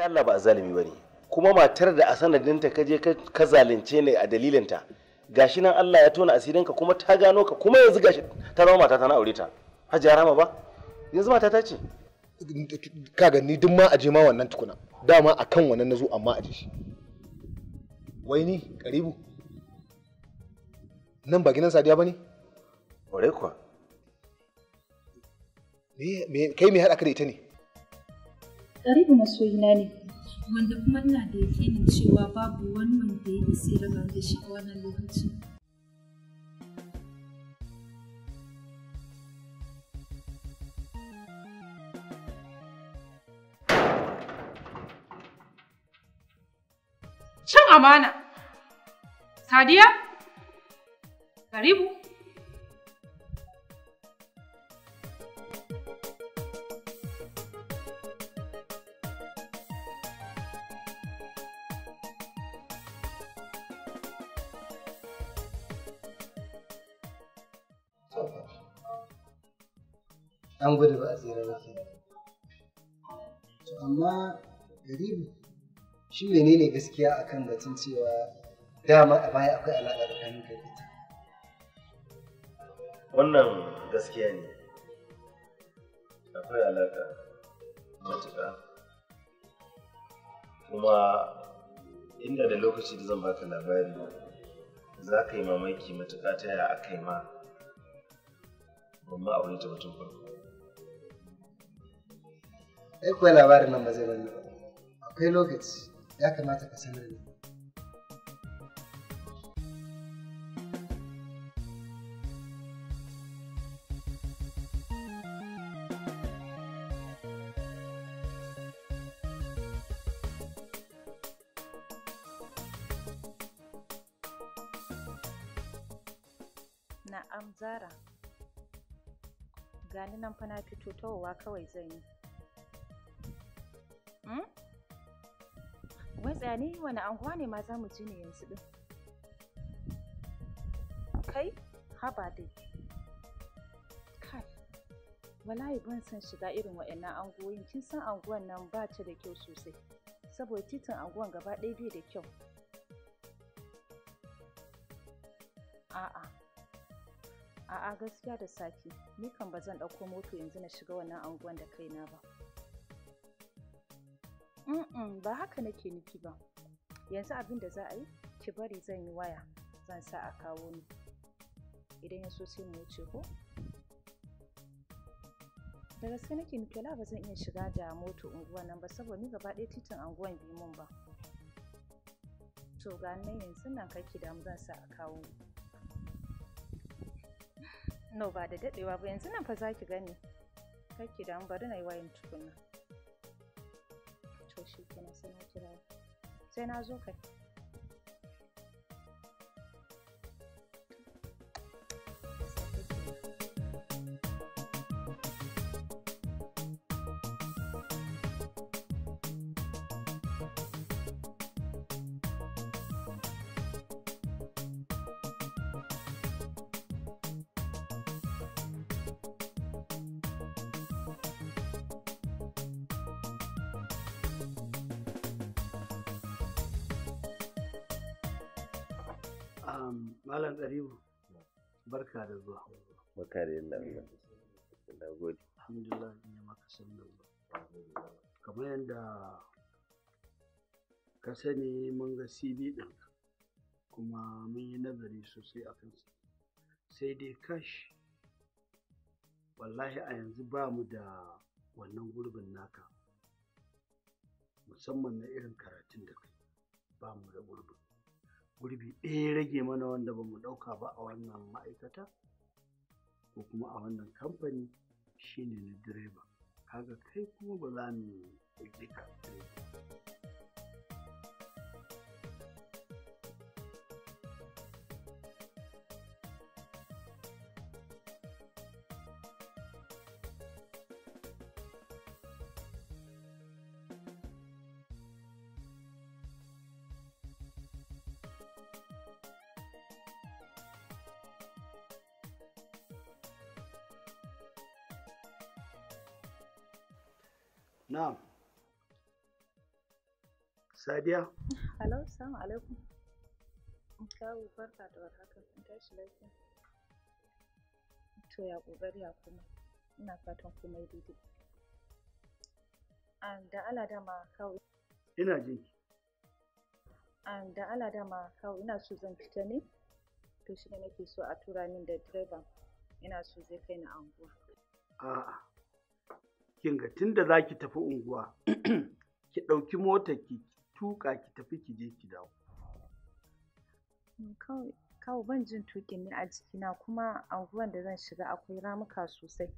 ai Allah ba zalimi bane kuma matar da a sanadinta ka je ka zalunce ne a dalilinta gashi nan Allah ya tona asirinka kuma ta gano ka kuma yanzu gashi ta zama mata na aure ta hajiya rama ba yanzu mata ta ce kaga ni duk ma aje ma wannan tukuna dama akan wannan nazo amma aje shi wai ni karibu nan ba gidan sadiya bane ore kuwa me kai me hada ka da ita ne karibu ina ne wanda kuma ina da yakinin cewa babu wani wanda ya sai raba da shi a wannan lokaci Cin amana! Sadiya? Karibu? shi ne gaskiya akan batun cewa dama a baya akwai alaƙa da kai ita wannan gaskiya ne akwai alaƙa matuƙa kuma inda da lokaci da zan baka labari za ka yi mamaki matuƙa ta yaya aka yi ma ban ma aure ta mutum farko ai kuwa labarin nan ba zai bani akwai lokaci ya kamata ka sanar da Na'am Zara. Gani nan fa na fito tawowa kawai zan yi. Hmm? wai tsaya wani anguwa ne ma za mu je ne yanzu din kai haba dai kai wallahi ban san shiga irin waɗannan anguwoyin kin san anguwan nan ba ta da kyau sosai saboda titin anguwan gaba ɗaya bai da kyau a'a a'a gaskiya da safi ni kan ba zan ɗauko moto yanzu na shiga wannan anguwan da kaina ba Mm ba haka nake nufi ba. Yanzu abin da za a yi, ki bari zan yi waya, zan sa a kawo ni. Idan ya so sai mu wuce ko? Da gaske nake Mikola ba zan iya shiga da moto unguwan nan ba saboda ni gaba ɗaya titin unguwan bi mun ba. To ga nan yanzu nan kake damu zan sa a kawo ni. no ba da daɗewa ba yanzu nan fa za ki gani kake damu bari na yi wayan tukunna chique, eu não sei natural. Cena azul, cara. Malam Ɗaribu, barka da zuwa. Barka da yalla. Na gode. Alhamdulillah in yi maka sannan ba. Kamar yadda ka sani mun ga CV ɗin kuma mun yi nazari sosai a kansa. Sai dai kash wallahi a yanzu ba mu da wannan gurbin naka musamman na irin karatun da kai ba mu da gurbin. gurbi ɗaya rage mana wanda ba mu ɗauka ba a wannan ma'aikata ko kuma a wannan kamfani shine na direba kaga kai kuma ba za mu ɗauke ka Na'am. Sadiya. Hello, assalamu alaikum. Kawo barka da warhaka. tashi lafiya. To ya kokari ya kuma. Ina fatan komai daidai. An ah, da kawo. Ina jin An ah, da kawo ina so zan fita ne. To shi ne nake so a tura min da direban. Ina so zai kai ni A'a. kin ga tunda za ki tafi unguwa ki ɗauki mota ki tuka ki tafi ki je ki dawo kawai ban jin tukin ne a jikina kuma anguwan da zan shiga akwai ramuka sosai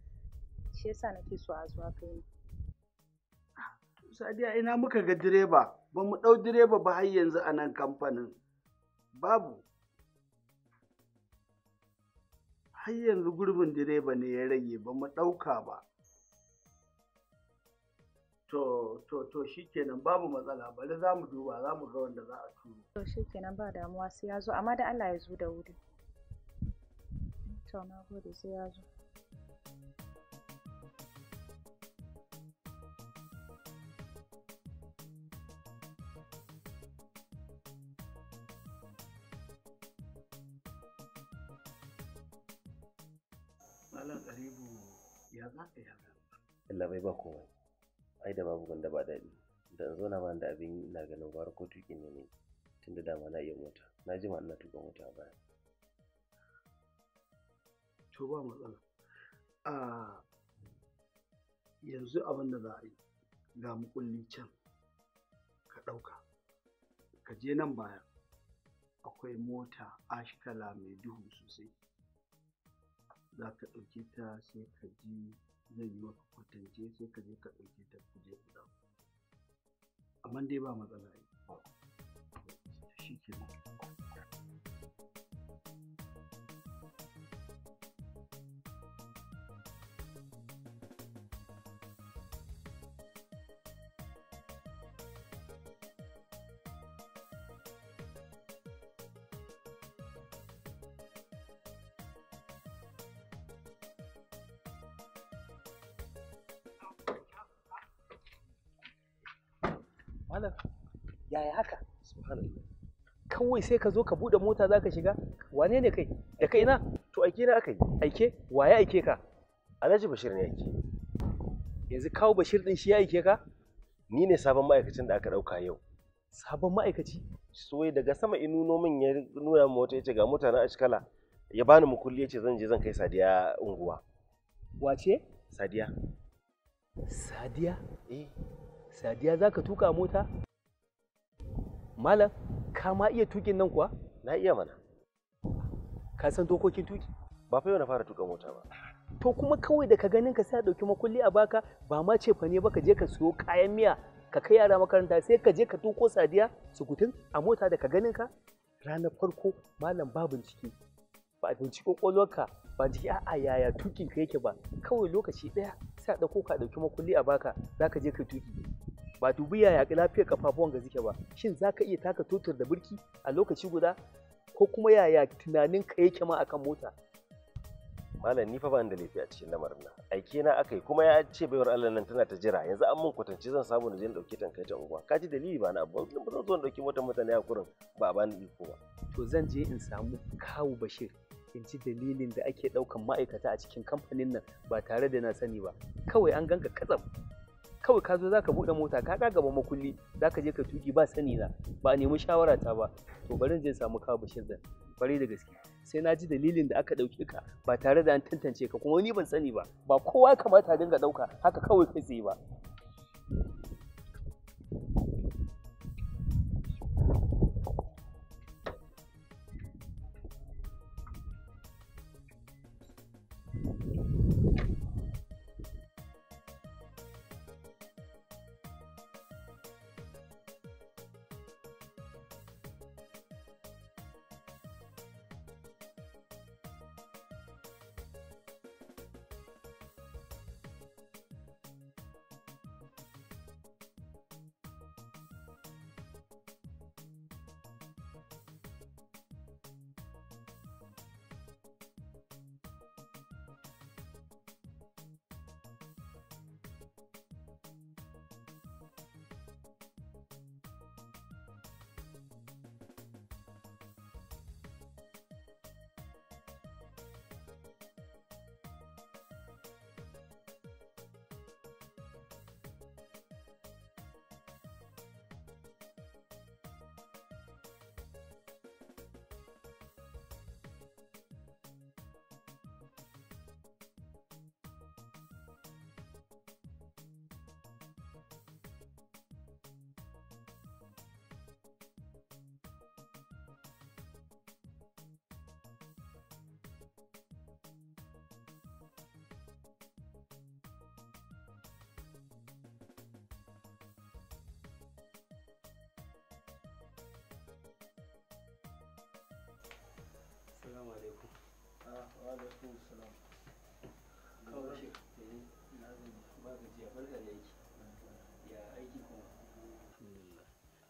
shi yasa nake so a zuwa kai ne. sadiya ina muka ga direba ba mu ɗau direba ba har yanzu a nan kamfanin babu har yanzu gurbin direba ne ya rage ba mu ɗauka ba to to to babu matsala bari za mu duba za mu ga wanda za a turo to kenan ba damuwa sai ya zo amma da Allah ya zo da wuri to na gode sai ya zo Malam Garibu ya za ka yi haka? Allah bai ba komai. ai da babu gwanda ba daɗi da in zauna ba da abin yi ina ganin gwara ko tuƙi ne ne tun da dama na iya mota na ji ma ina tuka mota baya to ba matsala a yanzu abin da za a yi ga mukulli can ka ɗauka ka je nan baya akwai mota ashikala mai duhu sosai za ka ɗauke ta sai ka je zai yi maka kwatance sai ka je ka ɗauke ta kuje je ku amma dai ba matsala yi shi kenan malam yaya haka subhanallah kawai sai ka zo ka bude mota zaka shiga wane ne kai da kai na to aike na akai aike waye aike ka alhaji bashir ne aike yanzu kawo bashir din shi ya aike ka ni ne sabon ma'aikacin da aka dauka yau sabon ma'aikaci soyi daga sama inu nomin ya nuna mota ya ce ga mutane a shikala ya bani mukulli ya ce zan je zan kai sadiya unguwa wace sadiya sadiya eh sadiya za ka tuka mota malam ka ma iya tukin nan kuwa na iya mana ka san dokokin tuki ba fa yau na fara tuka mota ba to kuma kawai da ka ganin ka sai a ɗauki makulli a baka ba ma ce fa ne ba ka je ka siyo kayan miya ka kai yara makaranta sai ka je ka tuko sadiya sukutun a mota da ka ganin ka ranar farko malam ba bincike ba bincike kwakwalwarka ba jiki a'a yaya tukin ka yake ba kawai lokaci ɗaya sai a ɗauko ka ɗauki makulli a baka za ka je ka tuki ba dubi yaya lafiyar kafafuwan ga zike ba shin za ka iya taka totar da birki a lokaci guda ko kuma yaya tunanin ka yake ma akan mota malam ni fa ban da laifi a cikin lamarin nan aike na akai kuma ya ce baiwar Allah nan tana ta jira yanzu an mun kwatance zan samu na je na dauke tankai ta unguwa kaji dalili ba na abu ba zan zo na dauki motar mutane a kurin ba a bani ko ba to zan je in samu kawu bashir in ci dalilin da ake daukan ma'aikata a cikin kamfanin nan ba tare da na sani ba kawai an ganka katsam kawai ka zo za ka buɗe mota ka ɗaga makulli za ka je ka tuki ba sani na ba a nemi shawara ta ba to barin zai samu kawo bashir da kwarai da gaske sai na ji dalilin da aka ɗauke ka ba tare da an tantance ka kuma ni ban sani ba ba kowa kamata dinga ɗauka haka kawai kai tsaye ba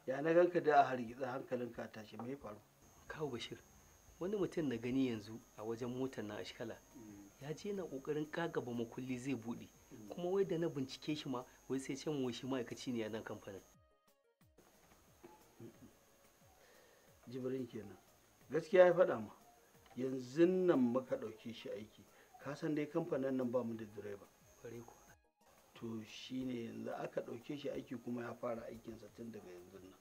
Ya na ganka da a hargitsa hankalinka tashi mai faru? Kawo Bashir. Wani mutum na gani yanzu a wajen motar na ashkala mm. ya je yana kokarin kagaba makulli zai buɗe mm. kuma wai da na bincike shi ma wai sai ce mu shi ma'aikaci ne a nan kamfanin. Jibrin kenan. Gaskiya ya faɗa ma. yanzu nan muka ɗauke shi aiki ka san dai kamfanin nan ba mu da direba to shine yanzu aka ɗauke shi aiki kuma ya fara aikinsa tun daga yanzu nan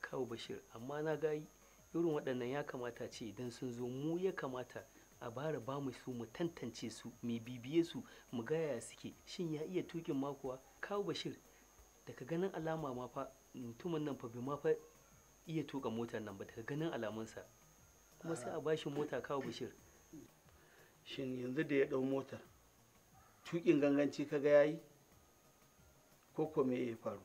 kawo bashir amma na ga irin waɗannan ya kamata ce idan sun zo mu ya kamata a bara ba mu su mu tantance su mu bibiye su mu gaya suke shin ya iya tukin makuwa kawo bashir daga ganin alama ma fa mutumin nan fa bai ma fa iya tuka motar nan ba daga ganin alamunsa kuma sai a bashi mota kawo bishir shin yanzu da ya ɗau motar tukin ganganci kaga yayi ko ko me ya faru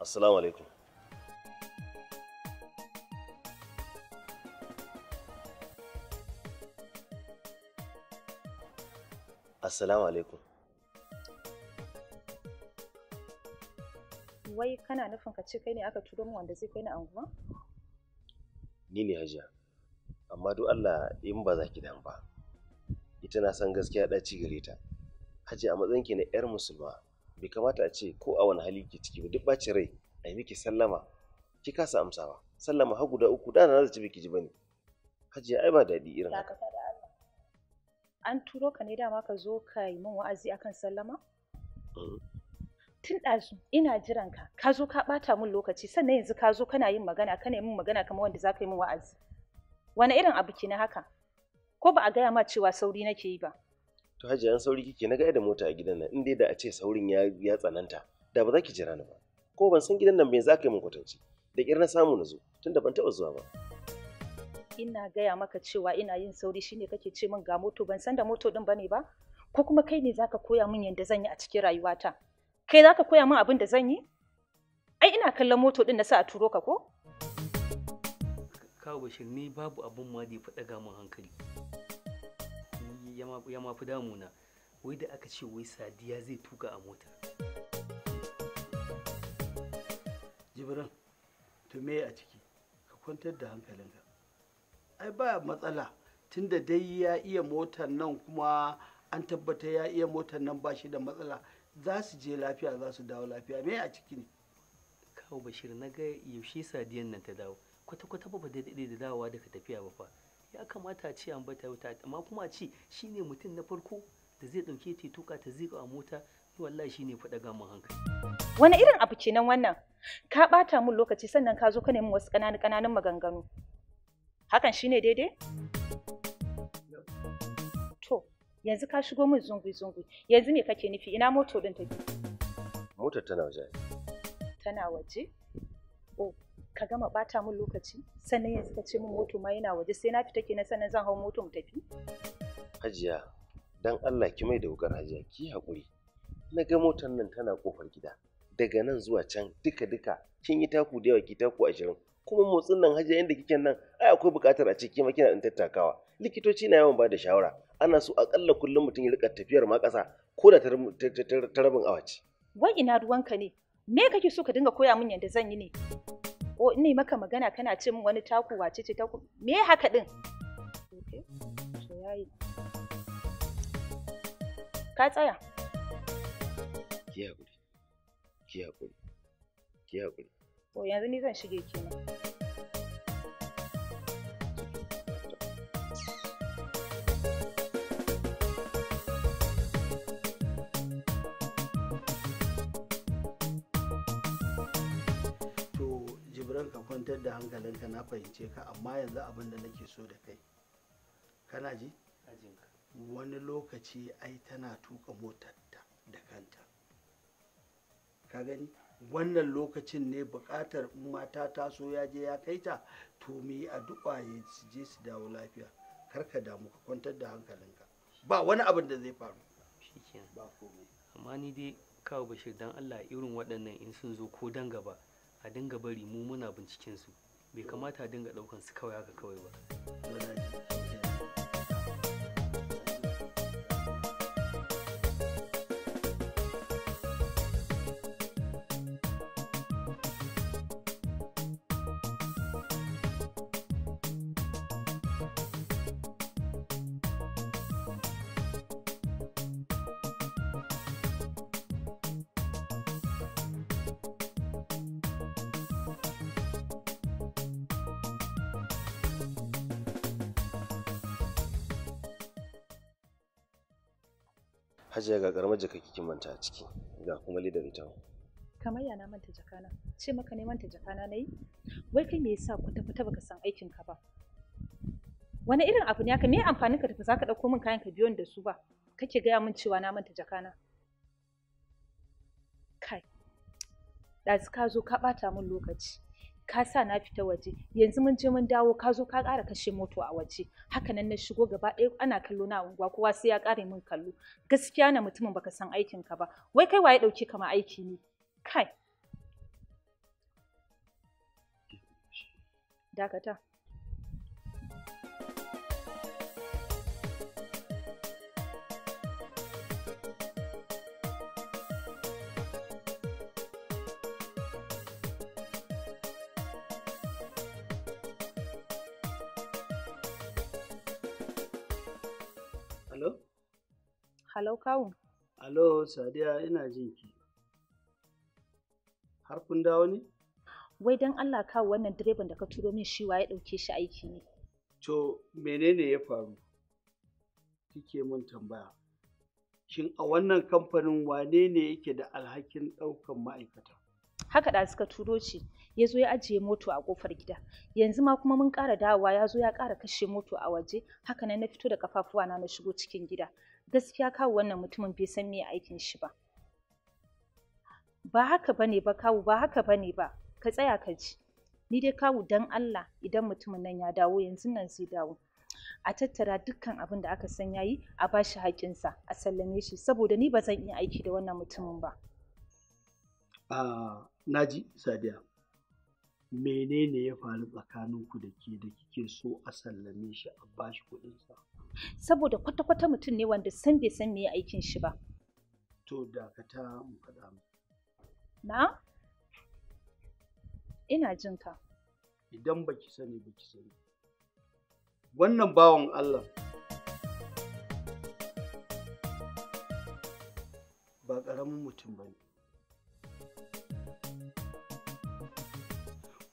assalamu alaikum assalamu alaikum wai kana nufin ka ce kai ne aka turo mu wanda zai kai ni anguwa ni ne hajiya amma duk Allah in ba za ki dan ba ita na san gaskiya ɗaci gare ta hajiya a matsayin ki na yar musulma bai kamata a ce ko a wani hali ke ciki ba duk bacin rai a yi miki sallama ki kasa amsawa sallama har guda uku da na zaci biki ji bane hajiya ai ba daɗi irin haka an turo ka ne dama ka zo ka yi min wa'azi akan sallama mm. tun ɗazu ina jiran ka ka zo ka ɓata min lokaci sannan yanzu ka zo kana yin magana kana yi min magana kamar wanda za ka yi min wa'azi wani irin abu ke na haka ko ba a gaya ma cewa sauri nake yi ba to hajiya an sauri kike na ga da mota a gidan nan inda da a ce saurin ya ya tsananta da ba za ki jira ni ba ko ban san gidan nan me za ka yi min kwatance da kirna na samu na zo tunda ban taba zuwa ba ina gaya maka cewa ina yin sauri shine kake ce min ga moto ban san da moto din bane ba ko kuma kai ne zaka koya min yadda zan yi a cikin rayuwata kai zaka koya min abin da zan yi ai ina kallon moto din na sa a turo ka ko kawo shin ni babu abin ma da ya faɗa ga mun hankali ya mafi damuna wai da aka ce wai sadiya zai tuka a mota jibran to me a ciki ka kwantar da hankalinka ai ba matsala tunda dai ya iya motar nan kuma an tabbata ya iya motar nan ba shi da matsala za su je lafiya za su dawo lafiya me a ciki ne kawo bashir na ga yaushe sadiyan nan ta dawo kwata-kwata ba daidai da dawowa daga tafiya ba fa ya kamata a ce an bata wuta amma kuma a ce shine mutum na farko da zai dauke ta tuka ta zika a mota wallahi shine fada ga hankali wani irin abu nan wannan ka ɓata mun lokaci sannan ka zo ka nemi wasu ƙananan kananan maganganu hakan shine daidai to yanzu ka shigo min zungu zungu yanzu me kake nufi ina moto din take motar tana waje tana waje oh ka gama bata mun lokaci sannan yanzu ka ce min moto ma yana waje sai na fita kenan sannan zan hau moto mu tafi hajiya dan Allah ki mai da wukar hajiya ki hakuri na ga motar nan tana kofar gida daga nan zuwa can duka duka kin yi taku da yawa ki taku ashirin kuma motsin nan hajiya inda kike nan ai akwai bukatar a ce ki makina din tattakawa likitoci na yawan bada shawara ana so a akalla kullum mutum ya rika tafiyar ma kasa ko da ta rabin awaci ce wai ina ruwanka ne me kake so ka dinga koya min yadda zan yi ne o ne maka magana kana ce min wani taku wace ce taku me haka din ka tsaya ki hakuri ki hakuri ki hakuri to yanzu ni zan shige kenan tsoron ka kwantar da hankalinka na fahimce ka amma yanzu abin da nake so da kai kana ji wani lokaci ai tana tuka motarta da kanta ka gani wannan lokacin ne buƙatar mata so ya je ya kai ta to mu yi addu'a ya je su dawo lafiya kar ka damu ka kwantar da hankalinka ba wani abin da zai faru shikenan ba komai amma ni dai kawo bashir dan Allah irin waɗannan in sun zo ko dan gaba a dinga bari mu muna binciken su bai kamata a dinga daukan su kawai haka kawai ba Hajiya ga garma jaka kikin manta a ciki ga kuma lidar ita. Kamar yana manta jakana, ce maka ne manta jakana na yi? Wai kai me yasa ku tafi baka san aikin ka ba? Wani irin abu ne haka me amfanin ka tafi zaka dauko min kayan ka biyon da su ba? Kake gaya min cewa na manta jakana. Kai, ɗazu ka zo ka ɓata min lokaci. ka sa na fita waje yanzu mun je mun dawo ka zo ka ƙara kashe moto a waje haka nan na shigo gaba ɗaya ana kallo na unguwa kowa sai ya ƙare min kallo gaskiya na mutumin baka san aikin ka ba wai kai waye ɗauke ka ma aiki ne kai dakata kalau kawun. Alo, Sadiya ina jin ki. Har kun dawo ne? Wai don Allah kawo wannan direban da ka turo min shi ya ɗauke shi aiki ne. To, menene ya faru? Kike mun tambaya. Shin a wannan kamfanin wane ne yake da alhakin ɗaukan ma'aikata? Haka da suka turo ce, ya zo ya ajiye moto a ƙofar gida. Yanzu ma kuma mun ƙara dawowa ya zo ya ƙara kashe moto a waje, haka nan na fito da ƙafafuwana na na shigo cikin gida. gaskiya kawo wannan mutumin bai san me aikin shi ba ba haka bane ba kawu ba haka bane ba ka tsaya ka ji ni dai kawu dan Allah idan mutumin nan ya dawo yanzu nan zai dawo a tattara dukkan abin da aka san yayi a bashi sa a sallame shi saboda ni ba zan iya aiki da wannan mutumin ba a ah, naji sadiya menene ya faru tsakaninku da ke da kike so a sallame shi a bashi kuɗinsa saboda kwata-kwata mutum ne wanda san bai san me aikin shi ba. To da ka faɗa Na? Ina jin ka. Idan baki sani baki sani. Wannan bawan Allah ba ƙaramin mutum ba ne.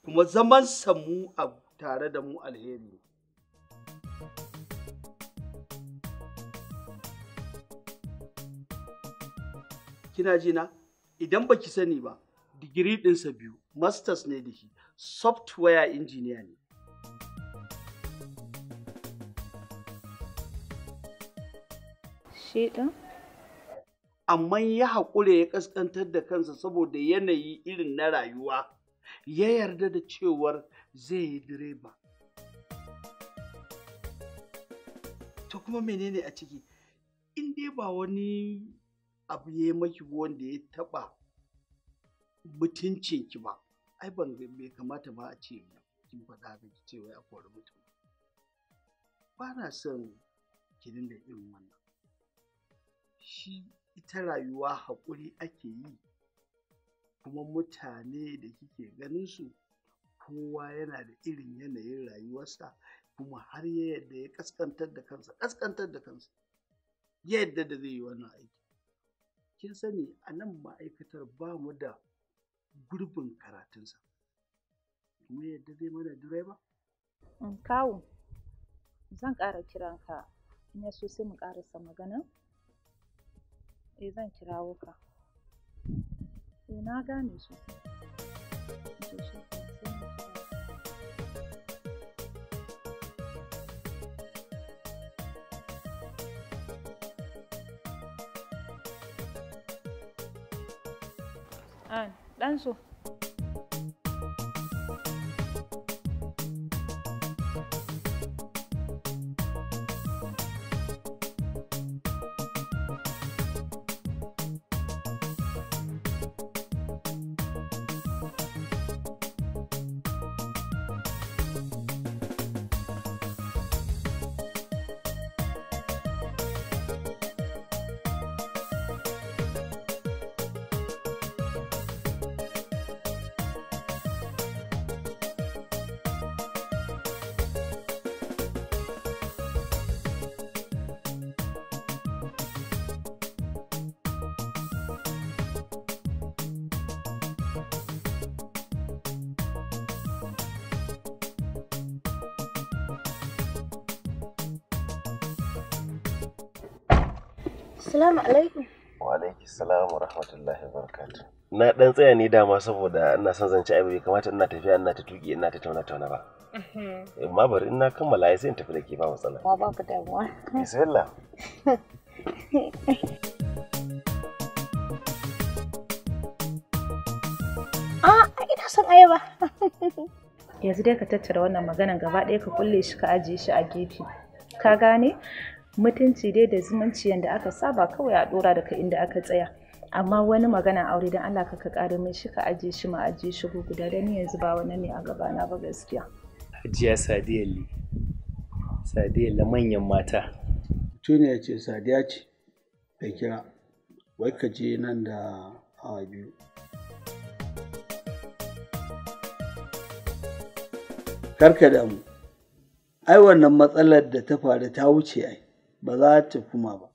Kuma zaman samu a tare da mu alheri ne. kina ji na idan baki sani ba digiri ɗinsa biyu masters ne da shi software engineer ne shi ɗin amma ya haƙure ya ƙasƙantar da kansa saboda yanayi irin na rayuwa ya yarda da cewar zai yi direba to kuma menene a ciki in dai ba wani abu ya maki wanda ya taɓa ki ba ai ban bai kamata ba a ce kin faɗa da ki ce wai a kori mutum ba na son ki dinga irin wannan shi ita rayuwa haƙuri ake yi kuma mutane da kike ganin su kowa yana da irin yanayin rayuwarsa kuma har yadda ya kaskantar da kansa kaskantar da kansa yadda da zai yi wannan aiki kin sani a nan ma'aikatar ba mu da gurbin karatunsa kuma yadda zai mana direba? Mm, kawo zan ƙara kiran ka in ya so sai mu ƙarasa magana eh zan kirawo ka eh na gane su 嗯，单数。Assalamu alaikum. Wa alaikum salam wa rahmatullahi wa barakatuh. Na dan tsaya ne dama saboda ina son zance ai bai kamata ina tafiya ina ta tuki ina ta tauna tauna ba. Mm-hmm. Amma bari ina kammala sai in tafi da ke ba matsala. Ba babu damuwa. Bismillah. Ah, ina son ayaba. Yanzu dai ka tattara wannan maganan gaba ɗaya ka kulle shi ka ajiye shi a gefe. Ka gane? mutunci dai da zumunci yadda aka saba kawai a dora daga inda aka tsaya amma wani magana aure dan Allah ka ƙara mai shi ka aje shi ma aje shi guda da ni yanzu ba wannan ne a gabana ba gaskiya Ajiya sadiya ne, sadiya la manyan mata ne ya ce sadiya ce da kira wai ka je nan da awa biyu karka damu ai wannan matsalar da ta faru ta wuce ai ba za ta kuma ba